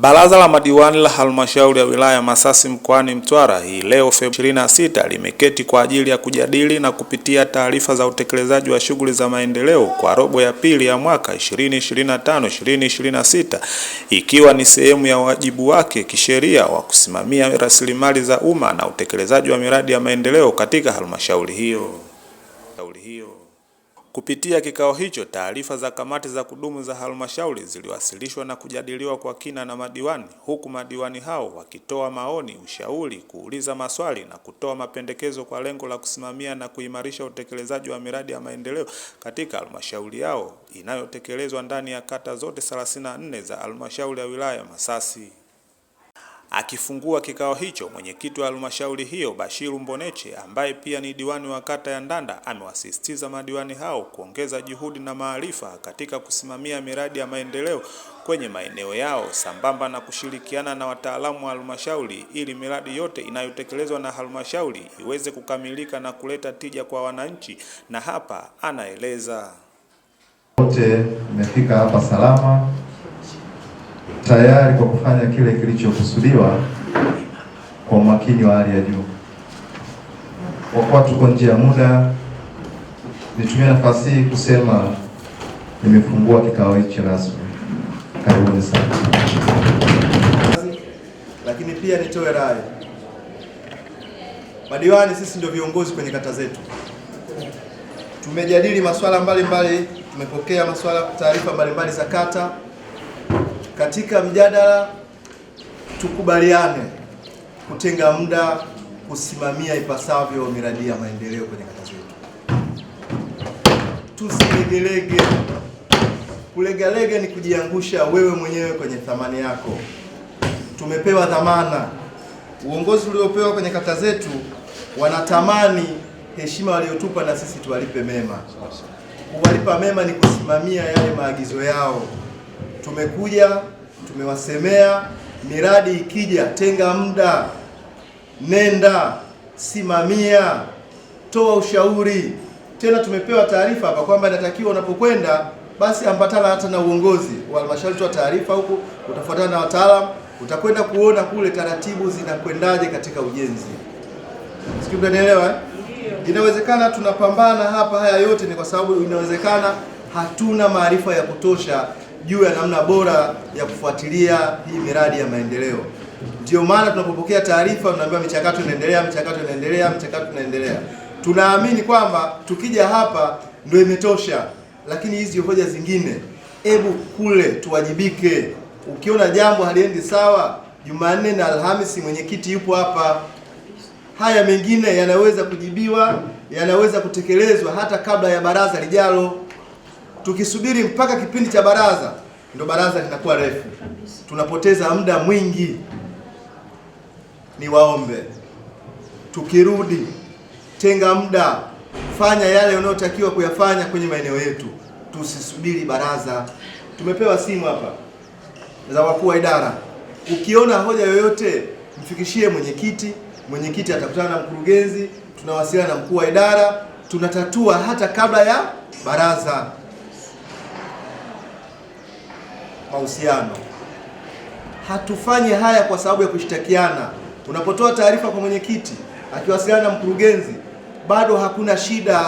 Baraza la madiwani la halmashauri ya wilaya Masasi mkoani Mtwara hii leo Februari 26 limeketi kwa ajili ya kujadili na kupitia taarifa za utekelezaji wa shughuli za maendeleo kwa robo ya pili ya mwaka 2025-2026 ikiwa ni sehemu ya wajibu wake kisheria wa kusimamia rasilimali za umma na utekelezaji wa miradi ya maendeleo katika halmashauri hiyo. Kupitia kikao hicho, taarifa za kamati za kudumu za halmashauri ziliwasilishwa na kujadiliwa kwa kina na madiwani, huku madiwani hao wakitoa maoni, ushauri, kuuliza maswali na kutoa mapendekezo kwa lengo la kusimamia na kuimarisha utekelezaji wa miradi ya maendeleo katika halmashauri yao inayotekelezwa ndani ya kata zote 34 za halmashauri ya wilaya Masasi. Akifungua kikao hicho, mwenyekiti wa halmashauri hiyo Bashiru Mboneche, ambaye pia ni diwani wa kata ya Ndanda, amewasisitiza madiwani hao kuongeza juhudi na maarifa katika kusimamia miradi ya maendeleo kwenye maeneo yao sambamba na kushirikiana na wataalamu wa halmashauri ili miradi yote inayotekelezwa na halmashauri iweze kukamilika na kuleta tija kwa wananchi. Na hapa anaeleza wote mmefika hapa salama tayari kwa kufanya kile kilichokusudiwa kwa umakini wa hali ya juu. Kwa kuwa tuko nje ya muda, nitumie nafasi hii kusema nimefungua kikao hichi rasmi. Karibuni sana. Lakini pia nitoe rai, madiwani sisi ndio viongozi kwenye kata zetu. Tumejadili masuala mbalimbali, tumepokea masuala, taarifa mbalimbali za kata katika mjadala tukubaliane kutenga muda kusimamia ipasavyo miradi ya maendeleo kwenye kata zetu, tusilegelege. Kulegalega ni kujiangusha wewe mwenyewe kwenye thamani yako. Tumepewa dhamana, uongozi uliopewa kwenye kata zetu wanatamani heshima waliotupa na sisi tuwalipe mema. Kuwalipa mema ni kusimamia yale maagizo yao tumekuja tumewasemea, miradi ikija, tenga muda, nenda simamia, toa ushauri. Tena tumepewa taarifa hapa kwamba inatakiwa unapokwenda basi ambatana hata na uongozi wa halmashauri, toa taarifa huku, utafuatana na wataalamu, utakwenda kuona kule taratibu zinakwendaje katika ujenzi. Sijui mnanielewa eh? Inawezekana tunapambana hapa, haya yote ni kwa sababu inawezekana hatuna maarifa ya kutosha juu ya namna bora ya kufuatilia hii miradi ya maendeleo. Ndiyo maana tunapopokea taarifa tunaambiwa michakato inaendelea, michakato inaendelea, michakato inaendelea. Tunaamini kwamba tukija hapa ndio imetosha, lakini hizi hoja zingine, hebu kule tuwajibike. Ukiona jambo haliendi sawa, Jumanne na Alhamisi mwenyekiti yupo hapa. Haya mengine yanaweza kujibiwa, yanaweza kutekelezwa hata kabla ya baraza lijalo. Tukisubiri mpaka kipindi cha baraza ndo baraza linakuwa refu, tunapoteza muda mwingi. Niwaombe, tukirudi tenga muda, fanya yale unayotakiwa kuyafanya kwenye maeneo yetu, tusisubiri baraza. Tumepewa simu hapa za wakuu wa idara, ukiona hoja yoyote mfikishie mwenyekiti. Mwenyekiti atakutana na mkurugenzi, tunawasiliana na mkuu wa idara, tunatatua hata kabla ya baraza. mahusiano. Hatufanyi haya kwa sababu ya kushtakiana. Unapotoa taarifa kwa mwenyekiti akiwasiliana na mkurugenzi, bado hakuna shida.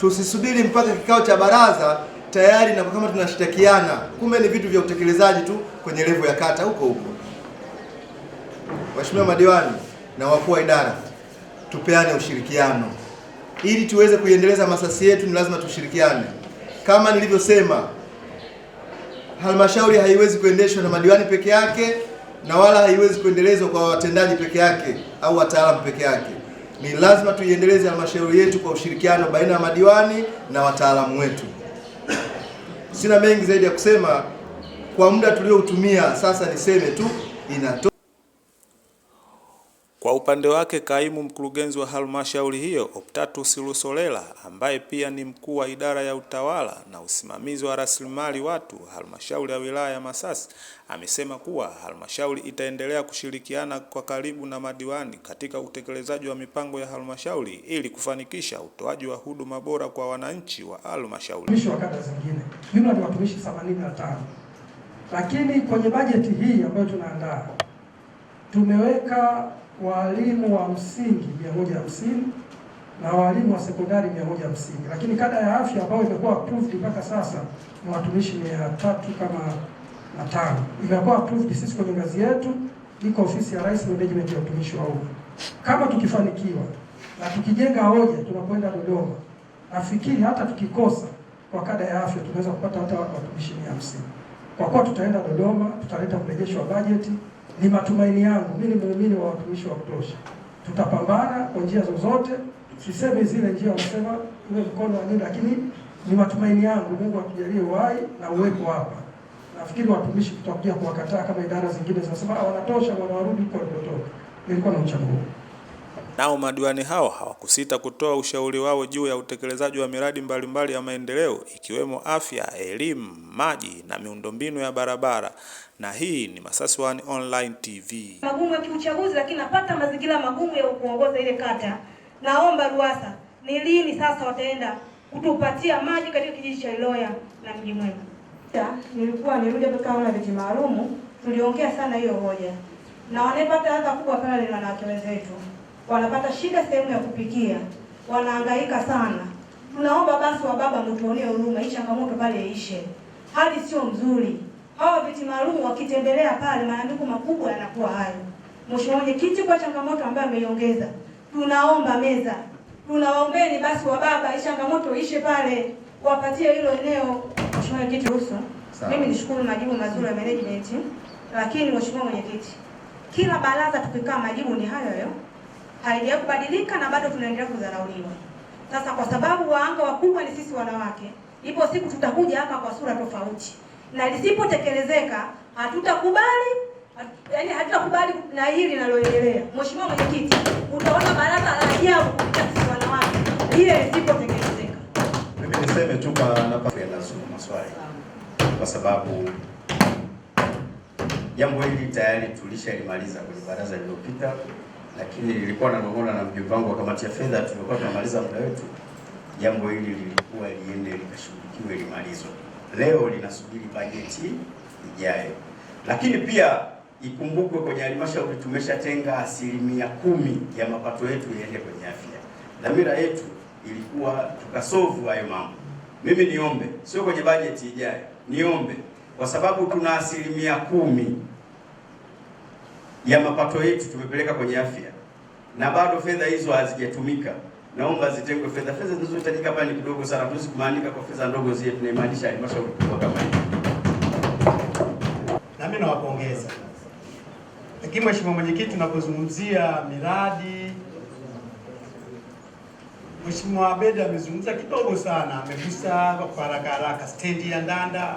Tusisubiri mpaka kikao cha baraza tayari na kama tunashtakiana, kumbe ni vitu vya utekelezaji tu kwenye levo ya kata huko huko. Waheshimiwa madiwani na wakuu wa idara, tupeane ushirikiano ili tuweze kuiendeleza masasi yetu, ni lazima tushirikiane. Kama nilivyosema halmashauri haiwezi kuendeshwa na madiwani peke yake na wala haiwezi kuendelezwa kwa watendaji peke yake au wataalamu peke yake. Ni lazima tuiendeleze halmashauri yetu kwa ushirikiano baina ya madiwani na wataalamu wetu. Sina mengi zaidi ya kusema kwa muda tulioutumia sasa, niseme tu inato upande wake kaimu mkurugenzi wa halmashauri hiyo Optatus Lusolela ambaye pia ni mkuu wa idara ya utawala na usimamizi wa rasilimali watu halmashauri ya wilaya ya Masasi amesema kuwa halmashauri itaendelea kushirikiana kwa karibu na madiwani katika utekelezaji wa mipango ya halmashauri ili kufanikisha utoaji wa huduma bora kwa wananchi wa halmashauri. Watumishi 85 lakini kwenye bajeti hii ambayo tunaandaa tumeweka walimu wa msingi mia moja na walimu wa sekondari mia moja lakini kada ya afya ambayo imekuwa approved mpaka sasa na watumishi mia tatu kama na tano imekuwa approved sisi kwenye ngazi yetu, iko ofisi ya Rais Management ya utumishi wa umma. Kama tukifanikiwa na tukijenga hoja, tunakwenda Dodoma, nafikiri hata tukikosa kwa kada ya afya tunaweza kupata hata watumishi mia kwa kuwa tutaenda Dodoma, tutaleta mrejesho wa bajeti ni matumaini yangu, mimi ni muumini wa watumishi wa kutosha, tutapambana kwa njia zozote. Sisemi zile njia wasema iwe mkono wa nini, lakini ni matumaini yangu Mungu atujalie uhai na uwepo hapa. Nafikiri watumishi tutakuja kuwakataa kama idara zingine zinasema ah, wanatosha, wanawarudi huko walipotoka. Nilikuwa na mchango Nao madiwani hao hawakusita kutoa ushauri wao juu ya utekelezaji wa miradi mbalimbali mbali ya maendeleo ikiwemo afya, elimu, maji na miundombinu ya barabara. Na hii ni Masasi One Online TV. Magumu ya kiuchaguzi, lakini napata mazingira magumu ya kuongoza ile kata. Naomba ruasa ni lini sasa wataenda kutupatia maji katika kijiji cha Iloya na Mji Mwema? Nilikuwa nirudi vikao na viti maalumu, tuliongea sana hiyo hoja, na wanaepata adha kubwa pale ni wanawake wenzetu wanapata shida sehemu ya kupikia, wanahangaika sana. Tunaomba basi wa baba mtuonee huruma, hii changamoto pale ishe. Hali sio nzuri. hawa viti maalum wakitembelea pale, maandiko makubwa yanakuwa hayo. Mheshimiwa Mwenyekiti, kwa changamoto ambayo ameiongeza, tunaomba meza, tunaombeni basi wa baba, hii changamoto ishe pale, wapatie hilo eneo. Mheshimiwa Mwenyekiti, ruhusu mimi nishukuru majibu mazuri ya management, lakini Mheshimiwa Mwenyekiti, kila baraza tukikaa majibu ni hayo hayo haijakubadilika na bado tunaendelea kudharauliwa. Sasa kwa sababu waanga wakubwa ni sisi wanawake, ipo siku tutakuja hapa kwa sura tofauti, na lisipotekelezeka hatutakubali yaani hatutakubali na hili linaloendelea. Mheshimiwa Mwenyekiti, utaona baraza la ajabu kupitia sisi wanawake ile lisipotekelezeka. Mimi niseme tu lazima Maswali, kwa sababu jambo hili tayari tulishalimaliza kwenye baraza lililopita lakini nilikuwa nanong'ona na mjumbe wangu wa kamati ya fedha, tulikuwa tunamaliza muda wetu, jambo hili lilikuwa liende likashughulikiwe limalizwe. Leo linasubiri bajeti ijayo, lakini pia ikumbukwe kwenye halmashauri tumeshatenga asilimia kumi ya mapato yetu iende kwenye afya. Dhamira yetu ilikuwa tukasovu hayo mambo. Mimi niombe, sio kwenye bajeti ijayo, niombe kwa sababu tuna asilimia kumi ya mapato yetu tumepeleka kwenye afya na bado fedha hizo hazijatumika. Naomba zitengwe fedha, fedha zinazohitajika hapa ni kidogo sana, tuwezi kumaanika kwa fedha ndogo zile, tunaimaanisha halmashauri kubwa kama hii. Na mimi nawapongeza, lakini mheshimiwa mwenyekiti, tunapozungumzia miradi, mheshimiwa Abedi amezungumza kidogo sana, amegusa kwa haraka haraka stendi ya Ndanda,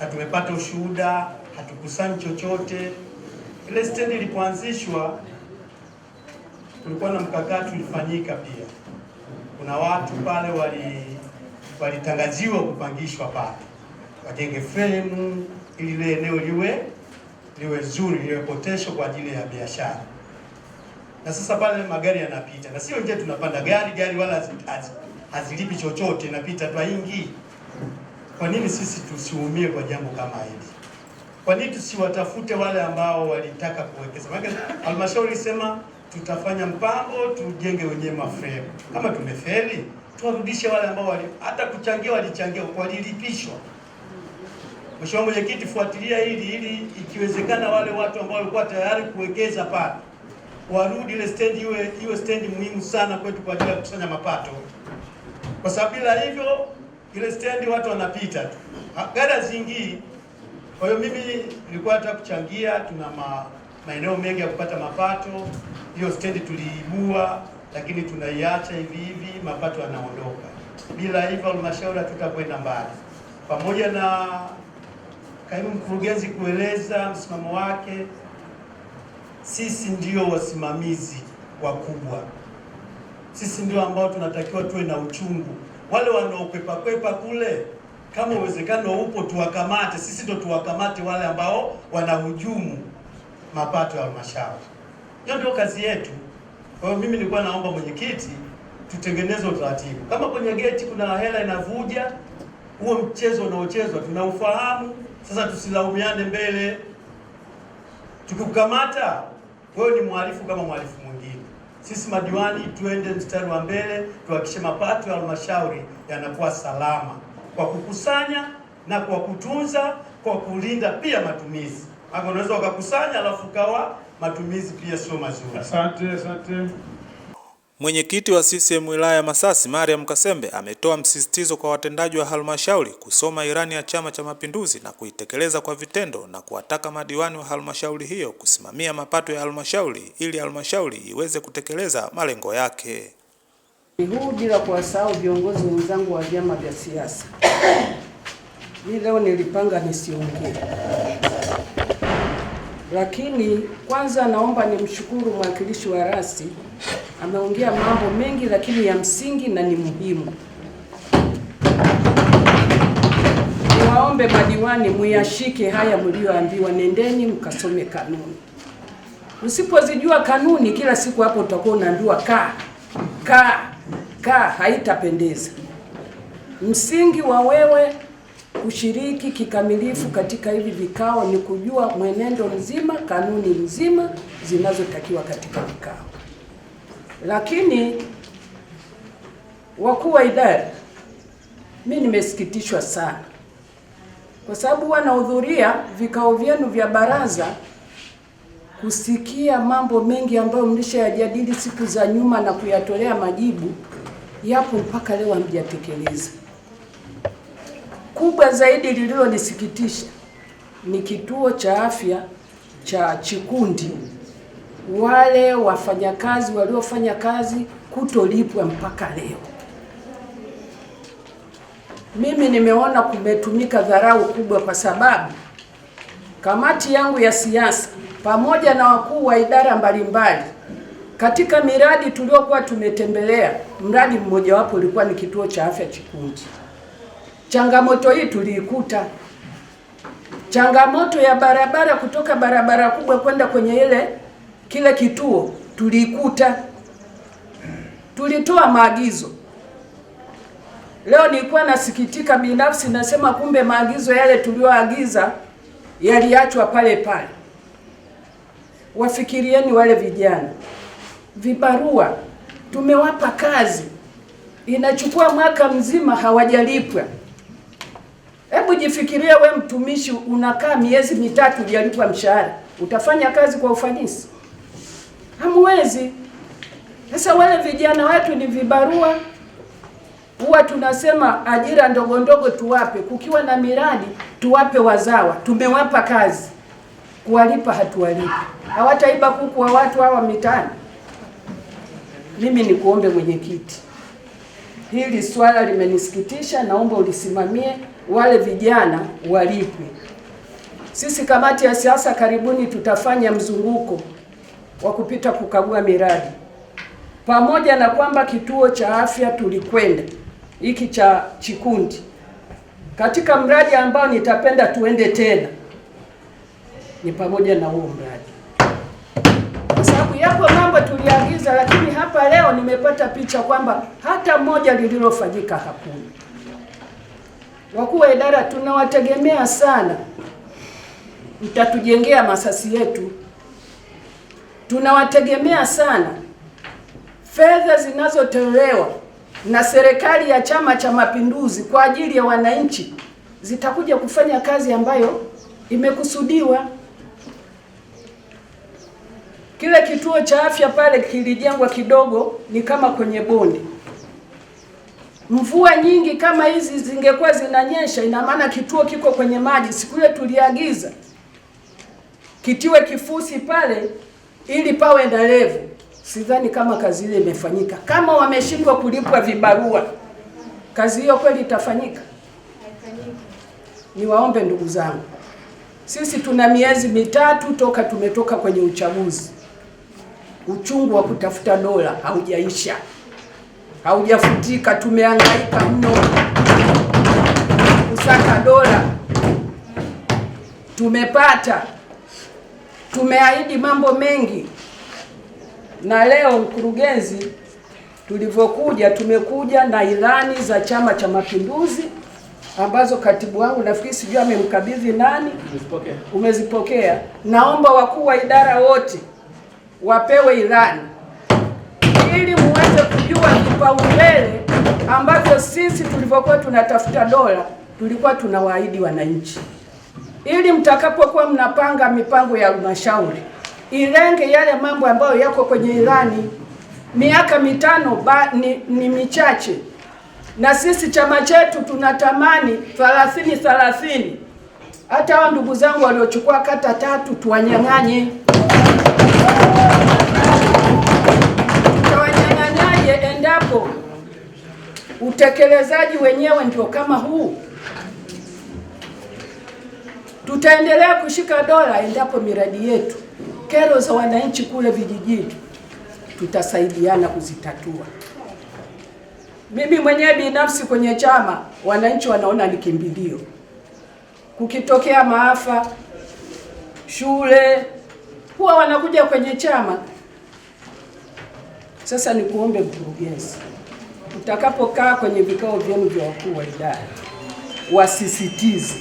na tumepata ushuhuda, hatukusanyi chochote ile stendi ilipoanzishwa kulikuwa na mkakati ulifanyika pia. Kuna watu pale wali walitangaziwa kupangishwa pale wajenge fremu ili ile eneo liwe liwe zuri liwe potesho kwa ajili ya biashara. Na sasa pale magari yanapita, na sio nje tunapanda gari gari wala hazilipi chochote, inapita twaingi. Kwa nini sisi tusiumie kwa jambo kama hili? Kwa nini tusiwatafute wale ambao walitaka kuwekeza? Maana halmashauri sema tutafanya mpango tujenge wenyewe mafremu. Kama tumefeli, tuwarudishe wale ambao wali, hata kuchangia walichangia, walilipishwa. Mheshimiwa Mwenyekiti, fuatilia hili ili ikiwezekana wale watu ambao walikuwa tayari kuwekeza pale warudi, ile stendi iwe iwe stendi muhimu sana kwetu kwa ajili ya kukusanya mapato, kwa sababu bila hivyo ile stendi watu wanapita tu, gari zingii kwa hiyo mimi nilikuwa nataka kuchangia, tuna ma, maeneo mengi ya kupata mapato. Hiyo stendi tuliibua, lakini tunaiacha hivi hivi, mapato yanaondoka. Bila hivyo halmashauri hatutakwenda mbali, pamoja na kaimu mkurugenzi kueleza msimamo wake. Sisi ndio wasimamizi wakubwa, sisi ndio ambao tunatakiwa tuwe na uchungu. Wale wanaokwepa kwepa kule kama uwezekano upo, tuwakamate. Sisi ndo tuwakamate wale ambao wanahujumu mapato ya halmashauri. Hiyo ndio kazi yetu. Kwa hiyo mimi nilikuwa naomba mwenyekiti, tutengeneze utaratibu. Kama kwenye geti kuna hela inavuja, huo mchezo unaochezwa tunaufahamu. Sasa tusilaumiane mbele. Tukikukamata wewe ni mhalifu kama mhalifu mwingine. Sisi madiwani tuende mstari wa mbele, tuhakikishe mapato ya halmashauri yanakuwa salama kwa kukusanya na kwa kutunza, kwa kulinda pia matumizi. Hapo unaweza ukakusanya alafu kawa matumizi pia sio mazuri. Asante, asante. Mwenyekiti wa CCM wilaya Masasi Mariam Kasembe ametoa msisitizo kwa watendaji wa halmashauri kusoma irani ya Chama cha Mapinduzi na kuitekeleza kwa vitendo na kuwataka madiwani wa halmashauri hiyo kusimamia mapato ya halmashauri ili halmashauri iweze kutekeleza malengo yake huu bila kuwasahau viongozi wenzangu wa vyama vya siasa. Mimi leo nilipanga nisiongee, lakini kwanza naomba nimshukuru mwakilishi wa rasi, ameongea mambo mengi lakini ya msingi na ni muhimu. Niwaombe madiwani muyashike haya mlioambiwa, nendeni mkasome kanuni. Usipozijua kanuni, kila siku hapo utakuwa unaambiwa kaa kaa kaa haitapendeza. Msingi wa wewe kushiriki kikamilifu katika hivi vikao ni kujua mwenendo mzima, kanuni mzima zinazotakiwa katika vikao. Lakini wakuu wa idara, mimi nimesikitishwa sana, kwa sababu wanahudhuria vikao vyenu vya baraza kusikia mambo mengi ambayo mlishayajadili siku za nyuma na kuyatolea majibu yapo mpaka leo hamjatekeleza. Kubwa zaidi lililonisikitisha ni kituo cha afya cha Chikundi, wale wafanyakazi waliofanya kazi kutolipwa mpaka leo. Mimi nimeona kumetumika dharau kubwa, kwa sababu kamati yangu ya siasa pamoja na wakuu wa idara mbalimbali katika miradi tuliokuwa tumetembelea, mradi mmojawapo ulikuwa ni kituo cha afya Chikunji. Changamoto hii tuliikuta, changamoto ya barabara kutoka barabara kubwa kwenda kwenye ile kile kituo tuliikuta. Tulitoa maagizo. Leo nilikuwa nasikitika binafsi, nasema kumbe maagizo yale tuliyoagiza yaliachwa pale pale. Wafikirieni wale vijana vibarua, tumewapa kazi, inachukua mwaka mzima hawajalipwa. Hebu jifikiria, we mtumishi unakaa miezi mitatu hujalipwa mshahara, utafanya kazi kwa ufanisi? Hamwezi. Sasa wale vijana wetu ni vibarua, huwa tunasema ajira ndogo ndogo tuwape, kukiwa na miradi tuwape wazawa. Tumewapa kazi, kuwalipa hatuwalipi. Hawataiba kuku wa watu hawa mitaani. Mimi nikuombe mwenyekiti, hili swala limenisikitisha, naomba ulisimamie, wale vijana walipwe. Sisi kamati ya siasa karibuni tutafanya mzunguko wa kupita kukagua miradi, pamoja na kwamba kituo cha afya tulikwenda hiki cha Chikundi, katika mradi ambao nitapenda tuende tena ni pamoja na huo mradi kwa sababu yako tuliagiza, lakini hapa leo nimepata picha kwamba hata moja lililofanyika hakuna. Wakuu wa idara tunawategemea sana, mtatujengea masasi yetu, tunawategemea sana. Fedha zinazotolewa na serikali ya Chama cha Mapinduzi kwa ajili ya wananchi zitakuja kufanya kazi ambayo imekusudiwa. Kile kituo cha afya pale kilijengwa kidogo, ni kama kwenye bonde. Mvua nyingi kama hizi zingekuwa zinanyesha, ina maana kituo kiko kwenye maji. Siku ile tuliagiza kitiwe kifusi pale ili pawe endelevu. Sidhani kama kazi ile imefanyika. Kama wameshindwa kulipwa vibarua, kazi hiyo kweli itafanyika? Niwaombe ndugu zangu, sisi tuna miezi mitatu toka tumetoka kwenye uchaguzi uchungu wa kutafuta dola haujaisha, haujafutika. Tumehangaika mno kusaka dola, tumepata, tumeahidi mambo mengi, na leo mkurugenzi, tulivyokuja tumekuja na ilani za Chama cha Mapinduzi ambazo katibu wangu nafikiri sijui amemkabidhi nani, umezipokea. Naomba wakuu wa idara wote wapewe idhani ili muweze kujua kipaumbele ambavyo sisi tulivyokuwa tunatafuta dola tulikuwa tunawaahidi wananchi, ili mtakapokuwa mnapanga mipango ya halmashauri ilenge yale mambo ambayo yako kwenye idhani. Miaka mitano ba, ni, ni michache, na sisi chama chetu tunatamani thelathini thelathini. Hata hao ndugu zangu waliochukua kata tatu tuwanyang'anye utekelezaji wenyewe ndio kama huu. Tutaendelea kushika dola endapo miradi yetu, kero za wananchi kule vijijini, tutasaidiana kuzitatua. Mimi mwenyewe binafsi kwenye chama, wananchi wanaona ni kimbilio, kukitokea maafa shule, huwa wanakuja kwenye chama. Sasa nikuombe mkurugenzi mtakapokaa kwenye vikao vyenu vya wakuu wa idara, wasisitize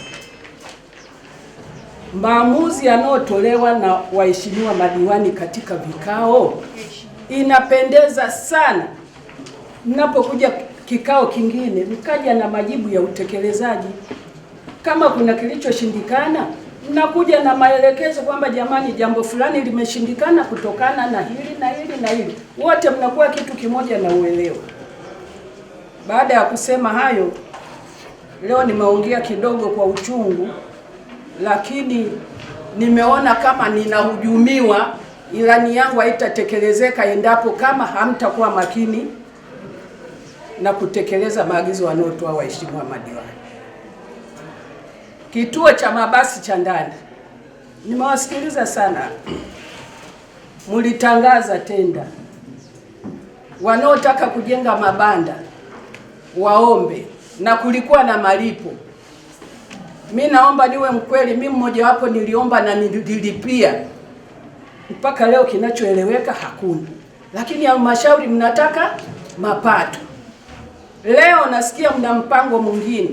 maamuzi yanayotolewa na waheshimiwa madiwani katika vikao. Inapendeza sana mnapokuja kikao kingine mkaja na majibu ya utekelezaji. Kama kuna kilichoshindikana, mnakuja na maelekezo kwamba jamani, jambo fulani limeshindikana kutokana na hili na hili na hili. Wote mnakuwa kitu kimoja na uelewa. Baada ya kusema hayo, leo nimeongea kidogo kwa uchungu, lakini nimeona kama ninahujumiwa. Ilani yangu haitatekelezeka endapo kama hamtakuwa makini na kutekeleza maagizo wanaotoa waheshimiwa madiwani. Kituo cha mabasi cha ndani, nimewasikiliza sana, mlitangaza tenda wanaotaka kujenga mabanda waombe na kulikuwa na malipo. Mi naomba niwe mkweli, mi mmoja wapo niliomba na nililipia. Mpaka leo kinachoeleweka hakuna, lakini halmashauri mnataka mapato. Leo nasikia mna mpango mwingine.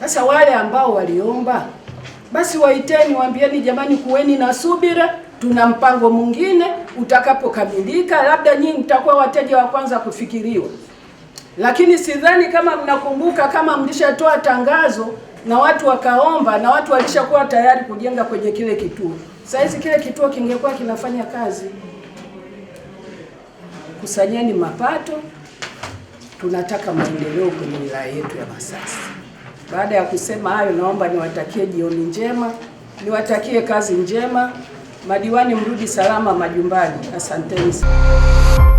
Sasa wale ambao waliomba basi waiteni, waambieni jamani, kuweni na subira, tuna mpango mwingine utakapokamilika, labda nyinyi mtakuwa wateja wa kwanza kufikiriwa lakini sidhani kama mnakumbuka kama mlishatoa tangazo na watu wakaomba na watu walishakuwa tayari kujenga kwenye kile kituo. Saizi kile kituo kingekuwa kinafanya kazi. Kusanyeni mapato, tunataka maendeleo kwenye wilaya yetu ya Masasi. Baada ya kusema hayo, naomba niwatakie jioni njema, niwatakie kazi njema. Madiwani, mrudi salama majumbani. Asanteni sana.